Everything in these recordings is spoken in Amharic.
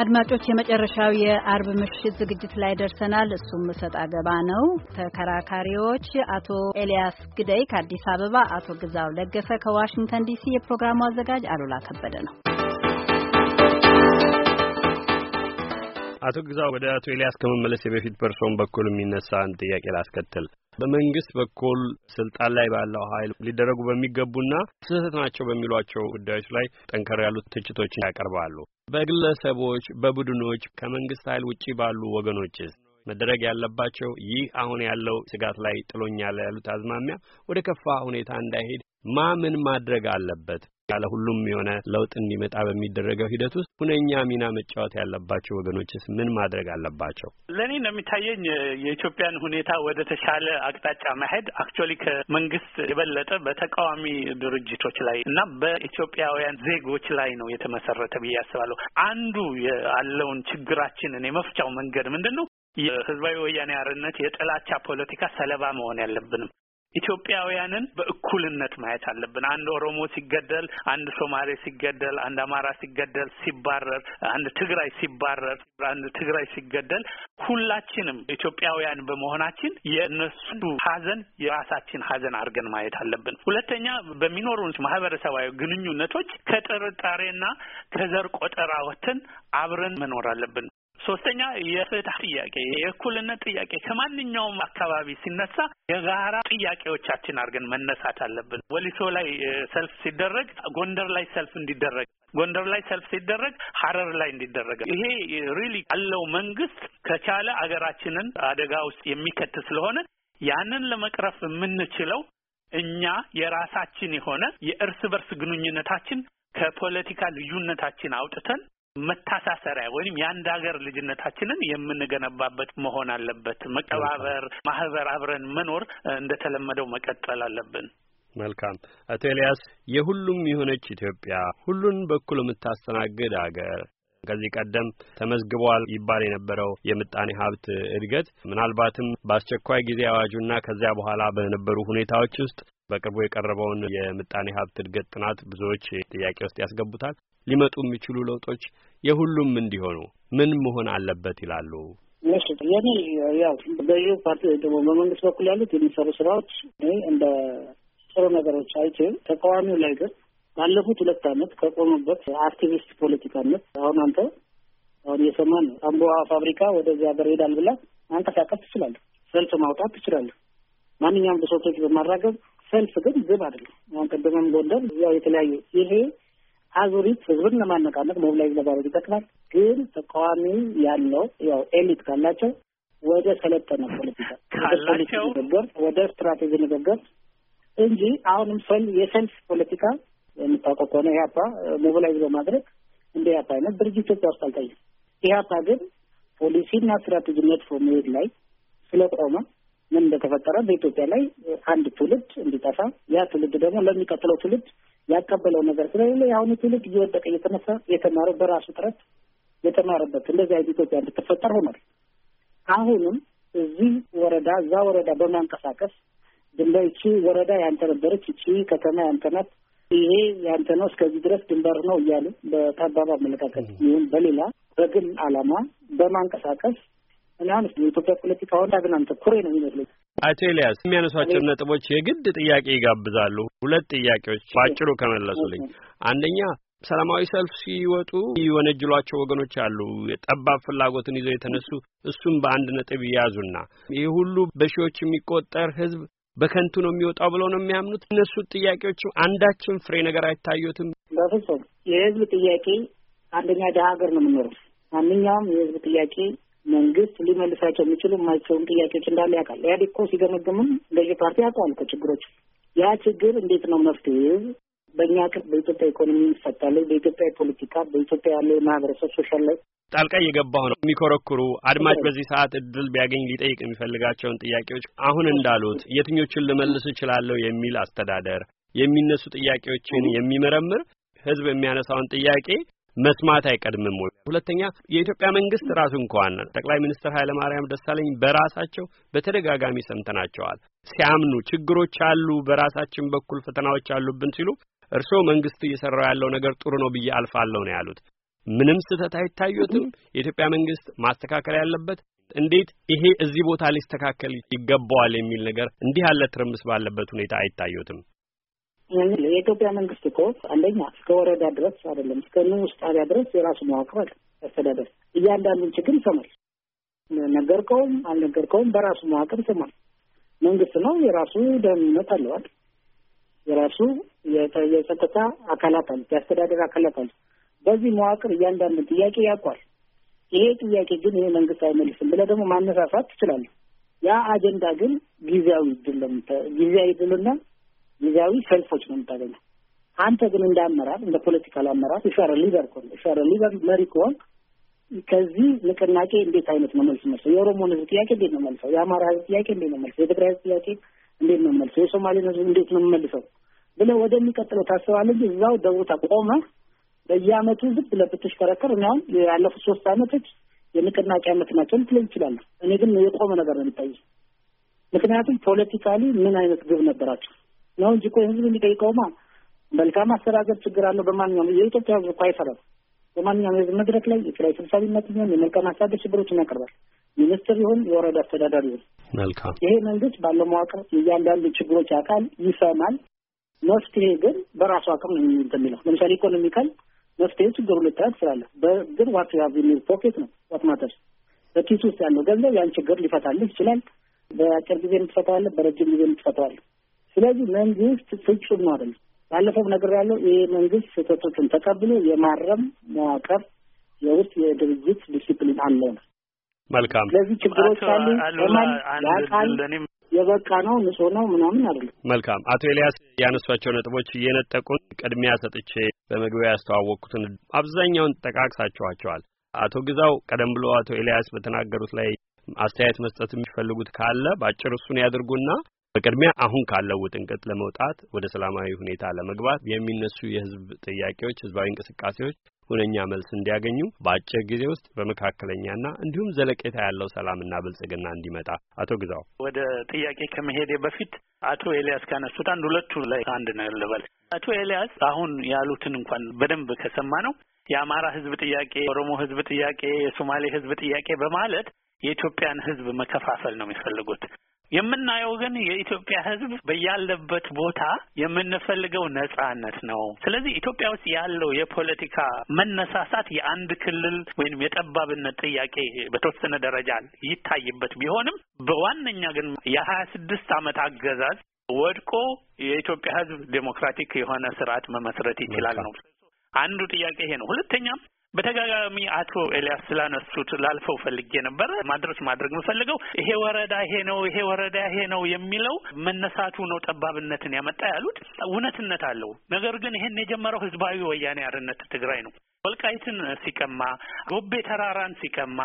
አድማጮች የመጨረሻው የአርብ ምሽት ዝግጅት ላይ ደርሰናል። እሱም እሰጥ አገባ ነው። ተከራካሪዎች አቶ ኤልያስ ግደይ ከአዲስ አበባ፣ አቶ ግዛው ለገሰ ከዋሽንግተን ዲሲ፣ የፕሮግራሙ አዘጋጅ አሉላ ከበደ ነው። አቶ ግዛው ወደ አቶ ኤልያስ ከመመለስ በፊት በእርስዎም በኩል የሚነሳ አንድ ጥያቄ ላስከትል። በመንግስት በኩል ስልጣን ላይ ባለው ኃይል ሊደረጉ በሚገቡና ስህተት ናቸው በሚሏቸው ጉዳዮች ላይ ጠንከር ያሉት ትችቶችን ያቀርባሉ። በግለሰቦች፣ በቡድኖች ከመንግስት ኃይል ውጪ ባሉ ወገኖችስ መደረግ ያለባቸው ይህ አሁን ያለው ስጋት ላይ ጥሎኛል ያሉት አዝማሚያ ወደ ከፋ ሁኔታ እንዳይሄድ ማምን ማድረግ አለበት? ያለ ሁሉም የሆነ ለውጥ እንዲመጣ በሚደረገው ሂደት ውስጥ ሁነኛ ሚና መጫወት ያለባቸው ወገኖችስ ምን ማድረግ አለባቸው? ለእኔ እንደሚታየኝ የኢትዮጵያን ሁኔታ ወደ ተሻለ አቅጣጫ መሄድ አክቹዋሊ ከመንግስት የበለጠ በተቃዋሚ ድርጅቶች ላይ እና በኢትዮጵያውያን ዜጎች ላይ ነው የተመሰረተ ብዬ አስባለሁ። አንዱ ያለውን ችግራችንን የመፍቻው መንገድ ምንድን ነው? የህዝባዊ ወያኔ አርነት የጥላቻ ፖለቲካ ሰለባ መሆን ያለብንም ኢትዮጵያውያንን በእኩልነት ማየት አለብን። አንድ ኦሮሞ ሲገደል፣ አንድ ሶማሌ ሲገደል፣ አንድ አማራ ሲገደል፣ ሲባረር፣ አንድ ትግራይ ሲባረር፣ አንድ ትግራይ ሲገደል፣ ሁላችንም ኢትዮጵያውያን በመሆናችን የእነሱ ሀዘን የራሳችን ሀዘን አድርገን ማየት አለብን። ሁለተኛ በሚኖሩ ማህበረሰባዊ ግንኙነቶች ከጥርጣሬና ከዘር ቆጠራ ወጥተን አብረን መኖር አለብን። ሶስተኛ የፍትህ ጥያቄ የእኩልነት ጥያቄ ከማንኛውም አካባቢ ሲነሳ የጋራ ጥያቄዎቻችን አድርገን መነሳት አለብን። ወሊሶ ላይ ሰልፍ ሲደረግ ጎንደር ላይ ሰልፍ እንዲደረግ ጎንደር ላይ ሰልፍ ሲደረግ ሀረር ላይ እንዲደረገ ይሄ ሪሊ ያለው መንግስት ከቻለ አገራችንን አደጋ ውስጥ የሚከት ስለሆነ ያንን ለመቅረፍ የምንችለው እኛ የራሳችን የሆነ የእርስ በርስ ግንኙነታችን ከፖለቲካ ልዩነታችን አውጥተን መታሳሰሪያ ወይም የአንድ ሀገር ልጅነታችንን የምንገነባበት መሆን አለበት። መቀባበር፣ ማህበር፣ አብረን መኖር እንደተለመደው መቀጠል አለብን። መልካም አቶ ኤልያስ፣ የሁሉም የሆነች ኢትዮጵያ ሁሉን በኩል የምታስተናግድ አገር ከዚህ ቀደም ተመዝግቧል ይባል የነበረው የምጣኔ ሀብት እድገት ምናልባትም በአስቸኳይ ጊዜ አዋጁና ከዚያ በኋላ በነበሩ ሁኔታዎች ውስጥ በቅርቡ የቀረበውን የምጣኔ ሀብት እድገት ጥናት ብዙዎች ጥያቄ ውስጥ ያስገቡታል። ሊመጡ የሚችሉ ለውጦች የሁሉም እንዲሆኑ ምን መሆን አለበት ይላሉ? እሺ የኔ ያው በዩ ፓርቲ ደግሞ በመንግስት በኩል ያሉት የሚሰሩ ስራዎች እንደ ጥሩ ነገሮች አይቼ ተቃዋሚው ላይ ግን ባለፉት ሁለት ዓመት ከቆሙበት አክቲቪስት ፖለቲካነት አሁን አንተ አሁን የሰማን አምቦ ፋብሪካ ወደዚህ ሀገር ይሄዳል ብላ አንቀሳቀስ ትችላለህ። ሰልፍ ማውጣት ትችላለህ። ማንኛውም ብሶቶች በማራገብ ሰልፍ ግን ግብ አይደለም። አሁን ቅድምም ጎንደር ያው የተለያዩ ይሄ አዙሪት ህዝብን ለማነቃነቅ ሞብላይዝ ለማድረግ ይጠቅማል። ግን ተቃዋሚ ያለው ያው ኤሊት ካላቸው ወደ ሰለጠነ ፖለቲካ ወደ ስትራቴጂ ንግግር እንጂ አሁንም ሰል የሰልፍ ፖለቲካ የምታውቀው ከሆነ ኢህአፓ ሞቢላይዝ በማድረግ እንደ ኢህአፓ አይነት ድርጅት ኢትዮጵያ ውስጥ አልታየም። ኢህአፓ ግን ፖሊሲና ስትራቴጂ መጥፎ መሄድ ላይ ስለቆመ ምን እንደተፈጠረ በኢትዮጵያ ላይ አንድ ትውልድ እንዲጠፋ ያ ትውልድ ደግሞ ለሚቀጥለው ትውልድ ያቀበለው ነገር ስለሌለ የአሁኑ ትውልድ እየወደቀ እየተነሳ የተማረው በራሱ ጥረት የተማረበት እንደዚህ አይነት ኢትዮጵያ እንድትፈጠር ሆኗል። አሁንም እዚህ ወረዳ እዛ ወረዳ በማንቀሳቀስ ድንበር ይቺ ወረዳ ያንተ ነበረች፣ ይቺ ከተማ ያንተ ናት፣ ይሄ ያንተ ነው፣ እስከዚህ ድረስ ድንበር ነው እያሉ በታባብ አመለካከት ይሁን በሌላ በግል ዓላማ በማንቀሳቀስ እናም የኢትዮጵያ ፖለቲካ አሁን አግናንተ ኩሬ ነው ይመስለኝ አቶ ኤልያስ የሚያነሷቸው ነጥቦች የግድ ጥያቄ ይጋብዛሉ። ሁለት ጥያቄዎች በአጭሩ ከመለሱልኝ፣ አንደኛ ሰላማዊ ሰልፍ ሲወጡ የወነጅሏቸው ወገኖች አሉ፣ የጠባብ ፍላጎትን ይዘው የተነሱ እሱም በአንድ ነጥብ ይያዙና ይህ ሁሉ በሺዎች የሚቆጠር ህዝብ በከንቱ ነው የሚወጣው ብለው ነው የሚያምኑት። እነሱት ጥያቄዎች አንዳችን ፍሬ ነገር አይታዩትም። በፍጹም የህዝብ ጥያቄ አንደኛ ደሀ ሀገር ነው የምኖረው። ማንኛውም የህዝብ ጥያቄ መንግስት ሊመልሳቸው የሚችሉ የማይቸውን ጥያቄዎች እንዳለ ያውቃል። ኢህአዴግ እኮ ሲገመግምም ገዢ ፓርቲ ያውቀዋል እኮ ችግሮች። ያ ችግር እንዴት ነው መፍትሄ በእኛ ቅር በኢትዮጵያ ኢኮኖሚ ይፈታል፣ በኢትዮጵያ ፖለቲካ፣ በኢትዮጵያ ያለው የማህበረሰብ ሶሻል ላይ ጣልቃ እየገባሁ ነው የሚኮረኩሩ አድማጭ በዚህ ሰዓት እድል ቢያገኝ ሊጠይቅ የሚፈልጋቸውን ጥያቄዎች አሁን እንዳሉት የትኞቹን ልመልስ እችላለሁ የሚል አስተዳደር የሚነሱ ጥያቄዎችን የሚመረምር ህዝብ የሚያነሳውን ጥያቄ መስማት አይቀድምም ወይ? ሁለተኛ የኢትዮጵያ መንግስት ራሱ እንኳን ጠቅላይ ሚኒስትር ኃይለ ማርያም ደሳለኝ በራሳቸው በተደጋጋሚ ሰምተናቸዋል ሲያምኑ ችግሮች አሉ፣ በራሳችን በኩል ፈተናዎች አሉብን ሲሉ እርስዎ መንግስት እየሰራው ያለው ነገር ጥሩ ነው ብዬ አልፋለሁ ነው ያሉት። ምንም ስህተት አይታዩትም? የኢትዮጵያ መንግስት ማስተካከል ያለበት እንዴት ይሄ እዚህ ቦታ ሊስተካከል ይገባዋል የሚል ነገር እንዲህ ያለ ትርምስ ባለበት ሁኔታ አይታዩትም? የኢትዮጵያ መንግስት እኮ አንደኛ እስከ ወረዳ ድረስ አይደለም እስከ ንዑስ ጣቢያ ድረስ የራሱ መዋቅር አለ። አስተዳደር እያንዳንዱን ችግር ይሰማል። ነገርከውም አልነገርከውም በራሱ መዋቅር ይሰማል። መንግስት ነው፣ የራሱ ደህንነት አለዋል። የራሱ የጸጥታ አካላት አሉት፣ የአስተዳደር አካላት አሉት። በዚህ መዋቅር እያንዳንዱ ጥያቄ ያውቋል። ይሄ ጥያቄ ግን ይሄ መንግስት አይመልስም ብለህ ደግሞ ማነሳሳት ትችላለህ። ያ አጀንዳ ግን ጊዜያዊ ድል ጊዜያዊ ድልና ጊዜያዊ ሰልፎች ነው የምታገኘው። አንተ ግን እንደ አመራር እንደ ፖለቲካል አመራር የሻረ ሊደር ከሆን የሻረ ሊደር መሪ ከሆን ከዚህ ንቅናቄ እንዴት አይነት ነው መልስ መልሰው? የኦሮሞን ህዝብ ጥያቄ እንዴት ነው መልሰው? የአማራ ህዝብ ጥያቄ እንዴት ነው መልሰው? የትግራይ ህዝብ ጥያቄ እንዴት ነው መልሰው? የሶማሌን ህዝብ እንዴት ነው መልሰው ብለህ ወደሚቀጥለው ታስባለህ እንጂ እዛው ደቡታ ቆመ በየአመቱ ዝብ ብለህ ብትሽከረከር እኔ ያለፉት ሶስት አመቶች የንቅናቄ አመት ናቸው ልትለኝ ይችላለሁ። እኔ ግን የቆመ ነገር ነው የሚታይ። ምክንያቱም ፖለቲካሊ ምን አይነት ግብ ነበራቸው? ነው እንጂ እኮ ህዝብ የሚጠይቀውማ መልካም አስተዳደር ችግር አለው። በማንኛውም የኢትዮጵያ ህዝብ እኮ አይፈረም። በማንኛውም የህዝብ መድረክ ላይ የተለያዩ ሰብሳቢነት ሆን የመልካም አስተዳደር ችግሮችን ያቀርባል። ሚኒስትር ይሁን የወረዳ አስተዳዳሪ ይሁን መልካም ይሄ መንግስት ባለው መዋቅር እያንዳንዱ ችግሮች አካል ይሰማል። መፍትሄ ግን በራሱ አቅም ነው የሚለው። ለምሳሌ ኢኮኖሚካል መፍትሄ ችግሩ ልታያ ትችላለህ። በግን ዋት ያዝ የሚል ፖኬት ነው ዋት ማተርስ። በኪስ ውስጥ ያለው ገንዘብ ያን ችግር ሊፈታልህ ይችላል። በአጭር ጊዜ የምትፈታዋለህ፣ በረጅም ጊዜ የምትፈታዋለህ። ስለዚህ መንግስት ፍጹም አይደለም። ባለፈው ነገር ያለው ይህ መንግስት ስህተቶችን ተቀብሎ የማረም መዋቅር የውስጥ የድርጅት ዲሲፕሊን አለው ነው። መልካም። ስለዚህ ችግሮች አሉ። ማን የበቃ ነው ንጹህ ነው ምናምን አይደለም። መልካም። አቶ ኤልያስ ያነሷቸው ነጥቦች እየነጠቁን ቅድሚያ ሰጥቼ በመግቢያ ያስተዋወቅኩትን አብዛኛውን ጠቃቅሳችኋቸዋል። አቶ ግዛው ቀደም ብሎ አቶ ኤልያስ በተናገሩት ላይ አስተያየት መስጠት የሚፈልጉት ካለ በአጭር እሱን ያድርጉና በቅድሚያ አሁን ካለው ውጥንቅጥ ለመውጣት ወደ ሰላማዊ ሁኔታ ለመግባት የሚነሱ የህዝብ ጥያቄዎች፣ ህዝባዊ እንቅስቃሴዎች ሁነኛ መልስ እንዲያገኙ በአጭር ጊዜ ውስጥ በመካከለኛና እንዲሁም ዘለቄታ ያለው ሰላምና ብልጽግና እንዲመጣ። አቶ ግዛው ወደ ጥያቄ ከመሄዴ በፊት አቶ ኤልያስ ካነሱት አንድ ሁለቱ ላይ አንድ ነገር ልበል። አቶ ኤልያስ አሁን ያሉትን እንኳን በደንብ ከሰማ ነው የአማራ ህዝብ ጥያቄ፣ የኦሮሞ ህዝብ ጥያቄ፣ የሶማሌ ህዝብ ጥያቄ በማለት የኢትዮጵያን ህዝብ መከፋፈል ነው የሚፈልጉት። የምናየው ግን የኢትዮጵያ ሕዝብ በያለበት ቦታ የምንፈልገው ነጻነት ነው። ስለዚህ ኢትዮጵያ ውስጥ ያለው የፖለቲካ መነሳሳት የአንድ ክልል ወይም የጠባብነት ጥያቄ በተወሰነ ደረጃ ይታይበት ቢሆንም በዋነኛ ግን የሀያ ስድስት ዓመት አገዛዝ ወድቆ የኢትዮጵያ ሕዝብ ዴሞክራቲክ የሆነ ስርዓት መመስረት ይችላል ነው አንዱ ጥያቄ ይሄ ነው። ሁለተኛም በተጋጋሚ አቶ ኤልያስ ስላነሱት ላልፈው ፈልጌ ነበር። ማድረስ ማድረግ የምፈልገው ይሄ ወረዳ ይሄ ነው ይሄ ወረዳ ይሄ ነው የሚለው መነሳቱ ነው ጠባብነትን ያመጣ ያሉት እውነትነት አለው። ነገር ግን ይሄን የጀመረው ህዝባዊ ወያኔ አርነት ትግራይ ነው። ወልቃይትን ሲቀማ፣ ጎቤ ተራራን ሲቀማ፣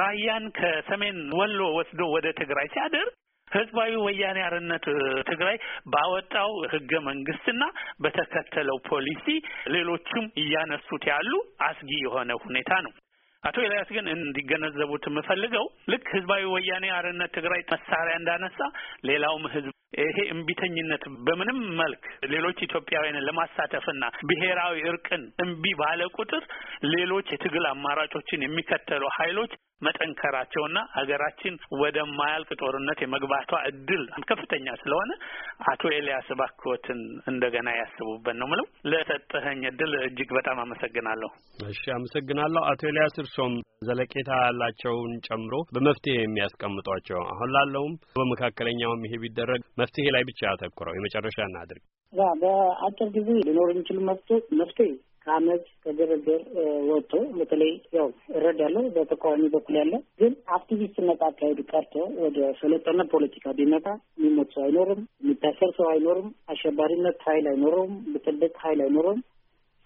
ራያን ከሰሜን ወሎ ወስዶ ወደ ትግራይ ሲያደርግ ህዝባዊ ወያኔ አርነት ትግራይ ባወጣው ህገ መንግስትና በተከተለው ፖሊሲ ሌሎችም እያነሱት ያሉ አስጊ የሆነ ሁኔታ ነው። አቶ ኤልያስ ግን እንዲገነዘቡት የምፈልገው ልክ ህዝባዊ ወያኔ አርነት ትግራይ መሳሪያ እንዳነሳ ሌላውም ህዝብ ይሄ እምቢተኝነት በምንም መልክ ሌሎች ኢትዮጵያውያንን ለማሳተፍና ብሔራዊ እርቅን እምቢ ባለ ቁጥር ሌሎች የትግል አማራጮችን የሚከተሉ ኃይሎች መጠንከራቸውና ሀገራችን ወደማያልቅ ጦርነት የመግባቷ እድል ከፍተኛ ስለሆነ አቶ ኤልያስ እባክዎትን እንደገና ያስቡበት ነው ምለው። ለሰጠኸኝ እድል እጅግ በጣም አመሰግናለሁ። እሺ፣ አመሰግናለሁ አቶ ኤልያስ። እርሶም ዘለቄታ ያላቸውን ጨምሮ በመፍትሄ የሚያስቀምጧቸው አሁን ላለውም በመካከለኛውም ይሄ ቢደረግ መፍትሄ ላይ ብቻ ያተኩረው የመጨረሻ እናድርግ። በአጭር ጊዜ ሊኖር የሚችል መፍትሄ ከአመት ከግርግር ወጥቶ በተለይ ያው እረድ ያለው በተቃዋሚ በኩል ያለ ግን አክቲቪስትነት አካሄዱ ቀርቶ ወደ ሰለጠነ ፖለቲካ ቢመጣ የሚሞት ሰው አይኖርም፣ የሚታሰር ሰው አይኖርም፣ አሸባሪነት ኃይል አይኖረውም፣ ብጥብጥ ኃይል አይኖረውም።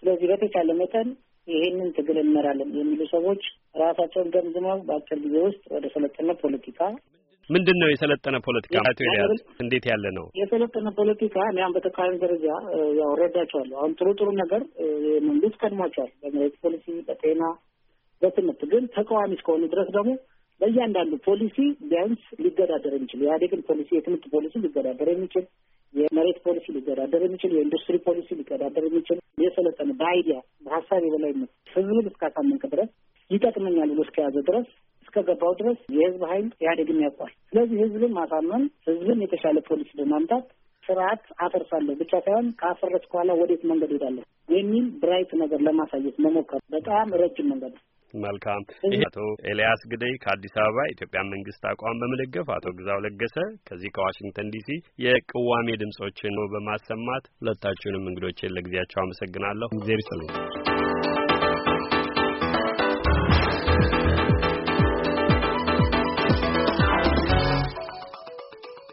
ስለዚህ በተቻለ መጠን ይህንን ትግል እንመራለን የሚሉ ሰዎች ራሳቸውን ገምዝመው በአጭር ጊዜ ውስጥ ወደ ሰለጠነ ፖለቲካ ምንድን ነው የሰለጠነ ፖለቲካ? አቶ ኤልያስ እንዴት ያለ ነው የሰለጠነ ፖለቲካ? እኒያም በተቃዋሚ ደረጃ ያው ረዳቸዋለሁ። አሁን ጥሩ ጥሩ ነገር መንግስት ቀድሟቸዋል፣ በመሬት ፖሊሲ፣ በጤና፣ በትምህርት ግን ተቃዋሚ እስከሆኑ ድረስ ደግሞ በእያንዳንዱ ፖሊሲ ቢያንስ ሊገዳደር የሚችል የኢህአዴግን ፖሊሲ የትምህርት ፖሊሲ ሊገዳደር የሚችል የመሬት ፖሊሲ ሊገዳደር የሚችል የኢንዱስትሪ ፖሊሲ ሊገዳደር የሚችል የሰለጠነ በአይዲያ በሀሳብ የበላይነት ህዝብን እስካሳመንክ ድረስ ይጠቅመኛል ብሎ እስከያዘ ድረስ እስከገባው ድረስ የህዝብ ሀይል ኢህአዴግም ያውቋል። ስለዚህ ህዝብን ማሳመን ህዝብን የተሻለ ፖሊሲ በማምጣት ስርዓት አፈርሳለሁ ብቻ ሳይሆን ካፈረስኩ በኋላ ወዴት መንገድ ሄዳለሁ የሚል ብራይት ነገር ለማሳየት መሞከር በጣም ረጅም መንገድ ነው። መልካም። ይሄ አቶ ኤልያስ ግደይ ከአዲስ አበባ የኢትዮጵያ መንግስት አቋም በመደገፍ አቶ ግዛው ለገሰ ከዚህ ከዋሽንግተን ዲሲ የቅዋሜ ድምጾችን በማሰማት ሁለታችሁንም እንግዶችን ለጊዜያቸው አመሰግናለሁ። እግዜር ይስጥልኝ።